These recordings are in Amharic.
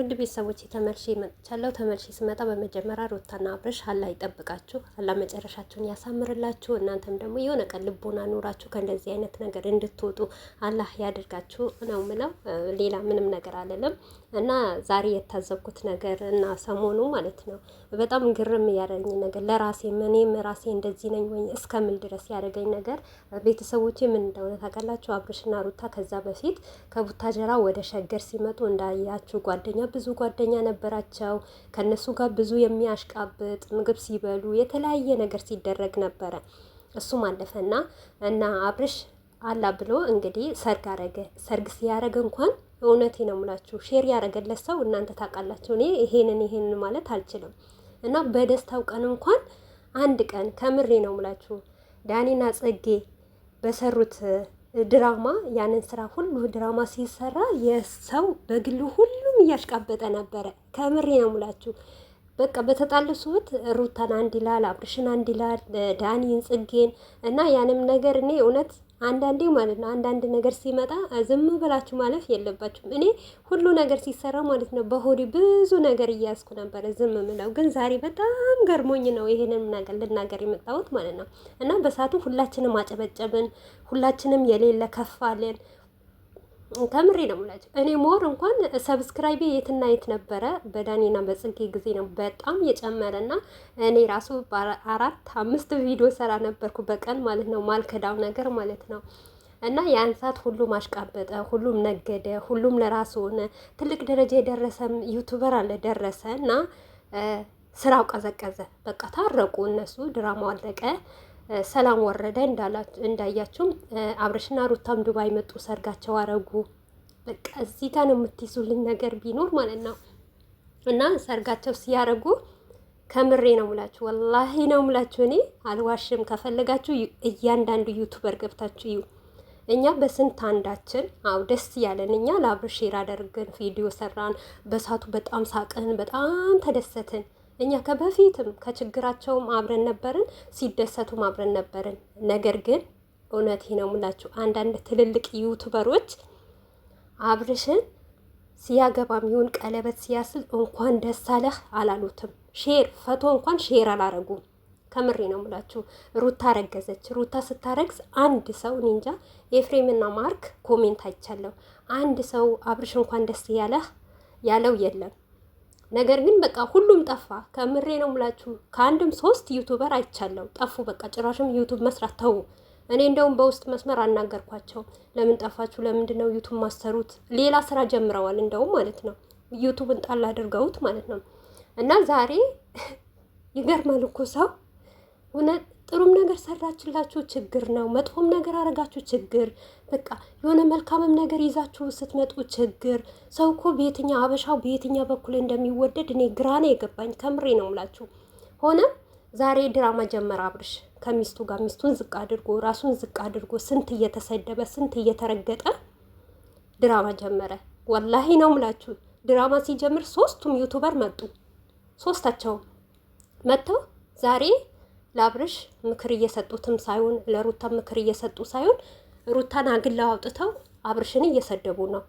ውድ ቤተሰቦች ተመልሼ መጥቻለሁ። ተመልሼ ስመጣ በመጀመሪያ ሩታና አብርሽ አላህ ይጠብቃችሁ፣ አላህ መጨረሻችሁን ያሳምርላችሁ። እናንተም ደግሞ የሆነ ቀን ልቦና ኑራችሁ ከእንደዚህ አይነት ነገር እንድትወጡ አላህ ያደርጋችሁ ነው ምለው። ሌላ ምንም ነገር አለለም እና ዛሬ የታዘብኩት ነገር እና ሰሞኑ ማለት ነው በጣም ግርም ያደረኝ ነገር ለራሴ እኔም ራሴ እንደዚህ ነኝ ወይ እስከምል ድረስ ያደረገኝ ነገር ቤተሰቦቼ ምን እንደሆነ ታውቃላችሁ። አብርሽና ሩታ ከዛ በፊት ከቡታጀራ ወደ ሸገር ሲመጡ እንዳያችሁ ጓደኛ ብዙ ጓደኛ ነበራቸው። ከነሱ ጋር ብዙ የሚያሽቃብጥ ምግብ ሲበሉ የተለያየ ነገር ሲደረግ ነበረ። እሱም አለፈና እና አብርሽ አላ ብሎ እንግዲህ ሰርግ አረገ። ሰርግ ሲያረግ እንኳን እውነቴ ነው የምላችሁ ሼር ያረገለት ሰው እናንተ ታውቃላችሁ። እኔ ይሄንን ይሄንን ማለት አልችልም። እና በደስታው ቀን እንኳን አንድ ቀን ከምሬ ነው ምላችሁ ዳኒና ጽጌ በሰሩት ድራማ ያንን ስራ ሁሉ ድራማ ሲሰራ የሰው በግሉ ሁሉም እያሽቃበጠ ነበረ። ከምሬ ነው ምላችሁ በቃ በተጣሉ ሰዎች ሩታን አንድ ይላል፣ አብርሽን አንድ ይላል፣ ዳኒን ጽጌን እና ያንም ነገር እኔ እውነት አንዳንዴ ማለት ነው አንዳንድ ነገር ሲመጣ ዝም ብላችሁ ማለፍ የለባችሁም። እኔ ሁሉ ነገር ሲሰራ ማለት ነው በሆዴ ብዙ ነገር እያስኩ ነበረ ዝም ምለው፣ ግን ዛሬ በጣም ገርሞኝ ነው ይሄንን ነገር ልናገር የመጣሁት ማለት ነው። እና በሰዓቱ ሁላችንም አጨበጨብን፣ ሁላችንም የሌለ ከፋለን። ከምሬ ነው የምላቸው። እኔ ሞር እንኳን ሰብስክራይቢ የትና የት ነበረ በዳኒና በጽጌ ጊዜ ነው በጣም የጨመረና እኔ ራሱ አራት አምስት ቪዲዮ ሰራ ነበርኩ በቀን ማለት ነው። ማልከዳው ነገር ማለት ነው። እና ያን ሰዓት ሁሉም አሽቃበጠ፣ ሁሉም ነገደ፣ ሁሉም ለራሱ ሆነ። ትልቅ ደረጃ የደረሰም ዩቱበር አለ ደረሰ እና ስራው ቀዘቀዘ። በቃ ታረቁ እነሱ፣ ድራማው አለቀ። ሰላም ወረደ እንዳያችሁም አብረሽና ሩታም ዱባይ መጡ፣ ሰርጋቸው አረጉ። በቃ እዚህ ጋር ነው የምትይዙልኝ ነገር ቢኖር ማለት ነው። እና ሰርጋቸው ሲያረጉ ከምሬ ነው ሙላችሁ፣ ወላሂ ነው ሙላችሁ። እኔ አልዋሽም። ከፈለጋችሁ እያንዳንዱ ዩቱበር ገብታችሁ እዩ። እኛ በስንት አንዳችን አው ደስ ያለን እኛ ለአብረሽ ሼር አደርግን ቪዲዮ ሰራን፣ በሳቱ በጣም ሳቅን፣ በጣም ተደሰትን። እኛ ከበፊትም ከችግራቸውም አብረን ነበርን፣ ሲደሰቱም አብረን ነበርን። ነገር ግን እውነት ነው የምላችሁ አንዳንድ ትልልቅ ዩቱበሮች አብርሽን ሲያገባም ይሁን ቀለበት ሲያስል እንኳን ደስ አለህ አላሉትም። ሼር ፈቶ እንኳን ሼር አላረጉም። ከምሬ ነው የምላችሁ። ሩታ ረገዘች። ሩታ ስታረግዝ አንድ ሰው ኒንጃ ኤፍሬምና ማርክ ኮሜንት አይቻለሁ። አንድ ሰው አብርሽ እንኳን ደስ ያለህ ያለው የለም። ነገር ግን በቃ ሁሉም ጠፋ። ከምሬ ነው ምላችሁ። ከአንድም ሶስት ዩቱበር አይቻለው ጠፉ። በቃ ጭራሽም ዩቱብ መስራት ተው። እኔ እንደውም በውስጥ መስመር አናገርኳቸው። ለምን ጠፋችሁ? ለምንድን ነው ዩቱብ ማሰሩት? ሌላ ስራ ጀምረዋል እንደውም ማለት ነው። ዩቱብን ጣል አድርገውት ማለት ነው። እና ዛሬ ይገርማል እኮ ሰው እውነት ጥሩም ነገር ሰራችላችሁ ችግር ነው፣ መጥፎም ነገር አረጋችሁ ችግር። በቃ የሆነ መልካምም ነገር ይዛችሁ ስትመጡ ችግር። ሰው እኮ በየትኛ አበሻው በየትኛ በኩል እንደሚወደድ እኔ ግራ ነው የገባኝ። ከምሬ ነው ምላችሁ ሆነ ዛሬ ድራማ ጀመረ አብርሽ ከሚስቱ ጋር ሚስቱን ዝቅ አድርጎ ራሱን ዝቅ አድርጎ ስንት እየተሰደበ ስንት እየተረገጠ ድራማ ጀመረ። ወላሂ ነው ምላችሁ ድራማ ሲጀምር ሶስቱም ዩቱበር መጡ። ሶስታቸውም መጥተው ዛሬ ለአብርሽ ምክር እየሰጡትም ሳይሆን ለሩታ ምክር እየሰጡ ሳይሆን ሩታን አግለው አውጥተው አብርሽን እየሰደቡ ነው።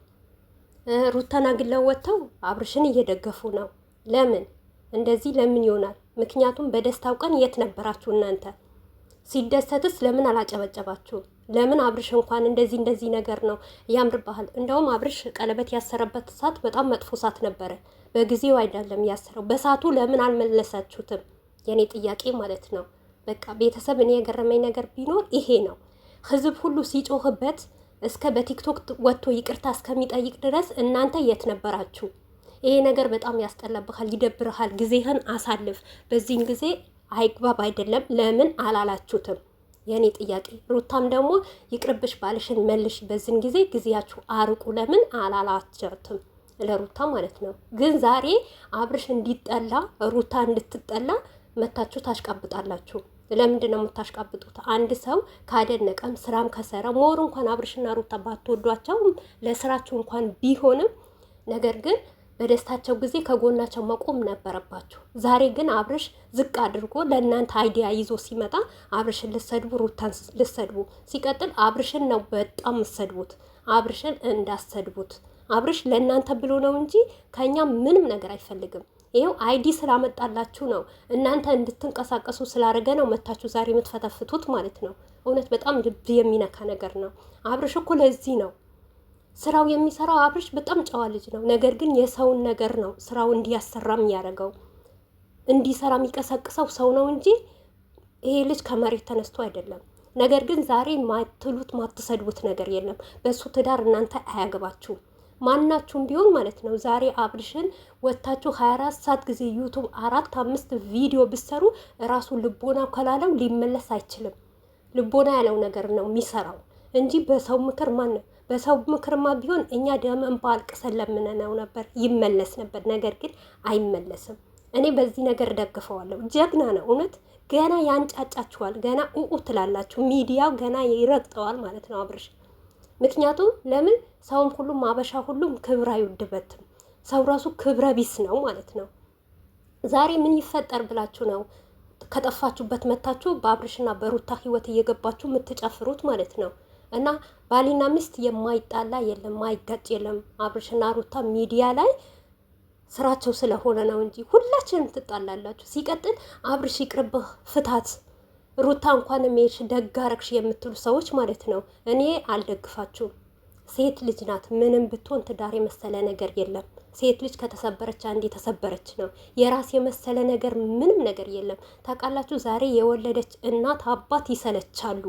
ሩታን አግለው ወጥተው አብርሽን እየደገፉ ነው። ለምን እንደዚህ ለምን ይሆናል? ምክንያቱም በደስታው ቀን የት ነበራችሁ እናንተ? ሲደሰትስ ለምን አላጨበጨባችሁም? ለምን አብርሽ እንኳን እንደዚህ እንደዚህ ነገር ነው ያምርባሃል። እንደውም አብርሽ ቀለበት ያሰረበት ሰዓት በጣም መጥፎ ሰዓት ነበረ። በጊዜው አይደለም ያሰረው፣ በሰዓቱ ለምን አልመለሳችሁትም? የኔ ጥያቄ ማለት ነው። በቃ ቤተሰብ እኔ የገረመኝ ነገር ቢኖር ይሄ ነው። ህዝብ ሁሉ ሲጮህበት እስከ በቲክቶክ ወጥቶ ይቅርታ እስከሚጠይቅ ድረስ እናንተ የት ነበራችሁ? ይሄ ነገር በጣም ያስጠላብሃል፣ ይደብርሃል፣ ጊዜህን አሳልፍ። በዚህን ጊዜ አይግባብ አይደለም። ለምን አላላችሁትም? የእኔ ጥያቄ ሩታም ደግሞ ይቅርብሽ ባልሽን መልሽ። በዚህን ጊዜ ጊዜያችሁ አርቁ። ለምን አላላችሁትም? ለሩታ ማለት ነው። ግን ዛሬ አብርሽ እንዲጠላ ሩታ እንድትጠላ መታችሁ ታሽቃብጣላችሁ። ለምንድን ነው የምታሽቃብጡት? አንድ ሰው ካደነቀም ስራም ከሰራ ሞር እንኳን አብርሽና ሩታ ባትወዷቸው ለስራችሁ እንኳን ቢሆንም ነገር ግን በደስታቸው ጊዜ ከጎናቸው መቆም ነበረባቸው ዛሬ ግን አብርሽ ዝቅ አድርጎ ለእናንተ አይዲያ ይዞ ሲመጣ አብርሽን ልሰድቡ፣ ሩታን ልሰድቡ። ሲቀጥል አብርሽን ነው በጣም የምትሰድቡት። አብርሽን እንዳሰድቡት። አብርሽ ለእናንተ ብሎ ነው እንጂ ከእኛ ምንም ነገር አይፈልግም። ይኸው አይዲ ስላመጣላችሁ ነው እናንተ እንድትንቀሳቀሱ ስላደረገ ነው መታችሁ ዛሬ የምትፈተፍቱት ማለት ነው። እውነት በጣም ልብ የሚነካ ነገር ነው። አብርሽ እኮ ለዚህ ነው ስራው የሚሰራው። አብርሽ በጣም ጨዋ ልጅ ነው። ነገር ግን የሰውን ነገር ነው ስራው እንዲያሰራም ያደረገው እንዲሰራ የሚቀሰቅሰው ሰው ነው እንጂ ይሄ ልጅ ከመሬት ተነስቶ አይደለም። ነገር ግን ዛሬ ማትሉት ማትሰድቡት ነገር የለም። በእሱ ትዳር እናንተ አያገባችሁም። ማናችሁም ቢሆን ማለት ነው ዛሬ አብርሽን ወታችሁ 24 ሰዓት ጊዜ ዩቱብ አራት አምስት ቪዲዮ ብሰሩ ራሱ ልቦና ከላለው ሊመለስ አይችልም። ልቦና ያለው ነገር ነው የሚሰራው እንጂ በሰው ምክር ማን በሰው ምክርማ ቢሆን እኛ ደም እንባ አልቅሰን ለምነነው ነበር ይመለስ ነበር። ነገር ግን አይመለስም። እኔ በዚህ ነገር ደግፈዋለሁ። ጀግና ነው እውነት። ገና ያንጫጫችኋል፣ ገና ኡኡ ትላላችሁ። ሚዲያው ገና ይረግጠዋል ማለት ነው አብርሽ ምክንያቱም ለምን ሰውም ሁሉም አበሻ ሁሉም ክብር አይወድበትም። ሰው ራሱ ክብረ ቢስ ነው ማለት ነው። ዛሬ ምን ይፈጠር ብላችሁ ነው ከጠፋችሁበት መታችሁ በአብርሽና በሩታ ህይወት እየገባችሁ የምትጨፍሩት ማለት ነው። እና ባሊና ሚስት የማይጣላ የለም ማይጋጭ የለም። አብርሽና ሩታ ሚዲያ ላይ ስራቸው ስለሆነ ነው እንጂ ሁላችንም ትጣላላችሁ። ሲቀጥል አብርሽ ይቅርብህ፣ ፍታት ሩታ እንኳን የሚሄድሽ ደጋረግሽ የምትሉ ሰዎች ማለት ነው፣ እኔ አልደግፋችሁም። ሴት ልጅ ናት። ምንም ብትሆን ትዳር የመሰለ ነገር የለም። ሴት ልጅ ከተሰበረች አንድ የተሰበረች ነው። የራስ የመሰለ ነገር ምንም ነገር የለም። ታውቃላችሁ፣ ዛሬ የወለደች እናት አባት ይሰለቻሉ።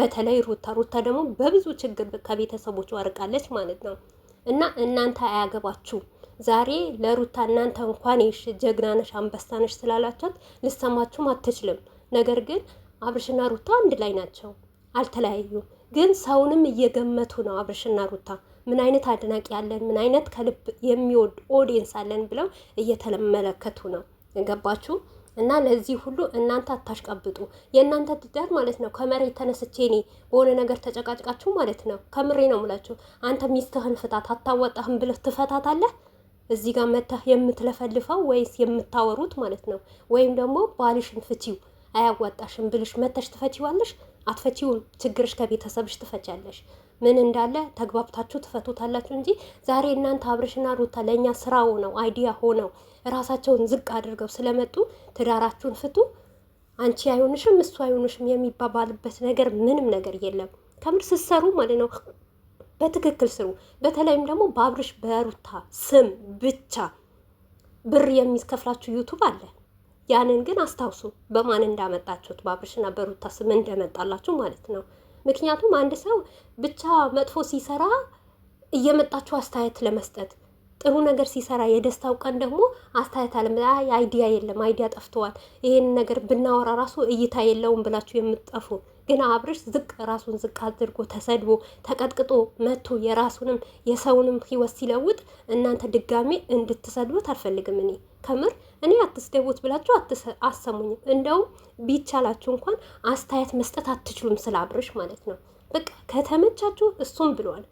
በተለይ ሩታ ሩታ ደግሞ በብዙ ችግር ከቤተሰቦች አርቃለች ማለት ነው። እና እናንተ አያገባችሁ። ዛሬ ለሩታ እናንተ እንኳን ይሽ ጀግናነሽ አንበሳነሽ ስላላችሁት ልሰማችሁም አትችልም። ነገር ግን አብርሽና ሩታ አንድ ላይ ናቸው፣ አልተለያዩም። ግን ሰውንም እየገመቱ ነው አብርሽና ሩታ ምን አይነት አድናቂ ያለን ምን አይነት ከልብ የሚወድ ኦዲየንስ አለን ብለው እየተመለከቱ ነው። ገባችሁ? እና ለዚህ ሁሉ እናንተ አታሽቀብጡ። የእናንተ ትዳር ማለት ነው ከመሬት ተነስቼ እኔ በሆነ ነገር ተጨቃጭቃችሁ ማለት ነው። ከምሬ ነው ምላችሁ። አንተ ሚስትህን ፍታት አታወጣህም ብለህ ትፈታታለህ። እዚህ ጋር መተህ የምትለፈልፈው ወይስ የምታወሩት ማለት ነው? ወይም ደግሞ ባልሽን ፍቺው አያዋጣሽም ብልሽ መተሽ ትፈቺዋለሽ። አትፈቺውም። ችግርሽ ከቤተሰብሽ ትፈቻለሽ። ምን እንዳለ ተግባብታችሁ ትፈቱታላችሁ እንጂ ዛሬ እናንተ አብርሽና ሩታ ለእኛ ስራ ሆነው አይዲያ ሆነው ራሳቸውን ዝቅ አድርገው ስለመጡ ትዳራችሁን ፍቱ፣ አንቺ አይሆንሽም እሱ አይሆንሽም የሚባባልበት ነገር ምንም ነገር የለም። ከምር ስትሰሩ ማለት ነው በትክክል ስሩ። በተለይም ደግሞ በአብርሽ በሩታ ስም ብቻ ብር የሚከፍላችሁ ዩቱብ አለ። ያንን ግን አስታውሱ በማን እንዳመጣችሁት በአብርሽና በሩታ ስም እንደመጣላችሁ ማለት ነው። ምክንያቱም አንድ ሰው ብቻ መጥፎ ሲሰራ እየመጣችሁ አስተያየት ለመስጠት ጥሩ ነገር ሲሰራ የደስታው ቀን ደግሞ አስተያየት አለም አይዲያ የለም አይዲያ ጠፍተዋል፣ ይህን ነገር ብናወራ ራሱ እይታ የለውም ብላችሁ የምትጠፉ ግን አብርሽ ዝቅ ራሱን ዝቅ አድርጎ ተሰድቦ ተቀጥቅጦ መቶ የራሱንም የሰውንም ህይወት ሲለውጥ እናንተ ድጋሜ እንድትሰድቡት አልፈልግም። እኔ ከምር እኔ አትስደቡት ብላችሁ አሰሙኝም። እንደውም ቢቻላችሁ እንኳን አስተያየት መስጠት አትችሉም፣ ስለ አብርሽ ማለት ነው። በቃ ከተመቻችሁ እሱም ብሏል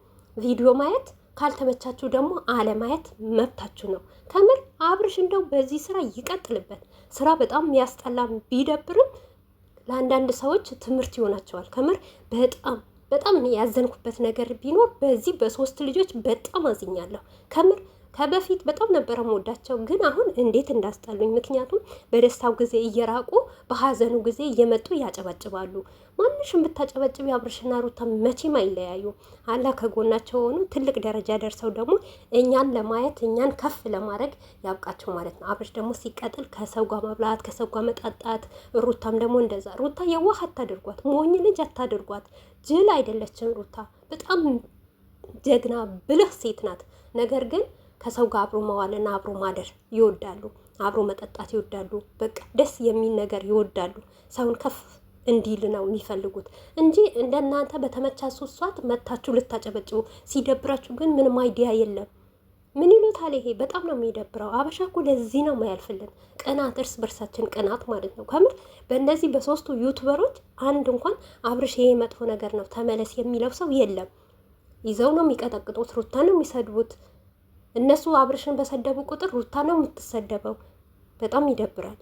ቪዲዮ ማየት ካልተመቻችሁ ደግሞ አለማየት መብታችሁ ነው። ከምር አብርሽ እንደው በዚህ ስራ ይቀጥልበት። ስራ በጣም ያስጠላም ቢደብርም ለአንዳንድ ሰዎች ትምህርት ይሆናቸዋል። ከምር በጣም በጣም ያዘንኩበት ነገር ቢኖር በዚህ በሶስት ልጆች በጣም አዝኛለሁ ከምር ከበፊት በጣም ነበረ መወዳቸው፣ ግን አሁን እንዴት እንዳስጠሉኝ። ምክንያቱም በደስታው ጊዜ እየራቁ በሀዘኑ ጊዜ እየመጡ ያጨበጭባሉ። ማንሽም ብታጨበጭብ አብርሽና ሩታ መቼም አይለያዩ። አላ ከጎናቸው ሆኑ ትልቅ ደረጃ ደርሰው ደግሞ እኛን ለማየት እኛን ከፍ ለማድረግ ያብቃቸው ማለት ነው። አብርሽ ደግሞ ሲቀጥል ከሰው ጋር መብላት፣ ከሰው ጋር መጣጣት፣ ሩታም ደግሞ እንደዛ። ሩታ የዋህ አታድርጓት፣ ሞኝ ልጅ አታድርጓት። ጅል አይደለችም ሩታ በጣም ጀግና ብልህ ሴት ናት። ነገር ግን ከሰው ጋር አብሮ መዋልና አብሮ ማደር ይወዳሉ። አብሮ መጠጣት ይወዳሉ። በቃ ደስ የሚል ነገር ይወዳሉ። ሰውን ከፍ እንዲል ነው የሚፈልጉት እንጂ እንደናንተ በተመቻችሁ ሰዓት መታችሁ ልታጨበጭቡ፣ ሲደብራችሁ ግን ምንም አይዲያ የለም። ምን ይሉታል? ይሄ በጣም ነው የሚደብረው። አበሻ እኮ ለዚህ ነው ማያልፍልን፣ ቅናት፣ እርስ በርሳችን ቅናት ማለት ነው። ከምር በእነዚህ በሶስቱ ዩቱበሮች አንድ እንኳን አብርሽ ይሄ መጥፎ ነገር ነው ተመለስ የሚለው ሰው የለም። ይዘው ነው የሚቀጠቅጡት፣ ሩታ ነው የሚሰድቡት። እነሱ አብርሽን በሰደቡ ቁጥር ሩታ ነው የምትሰደበው። በጣም ይደብራል።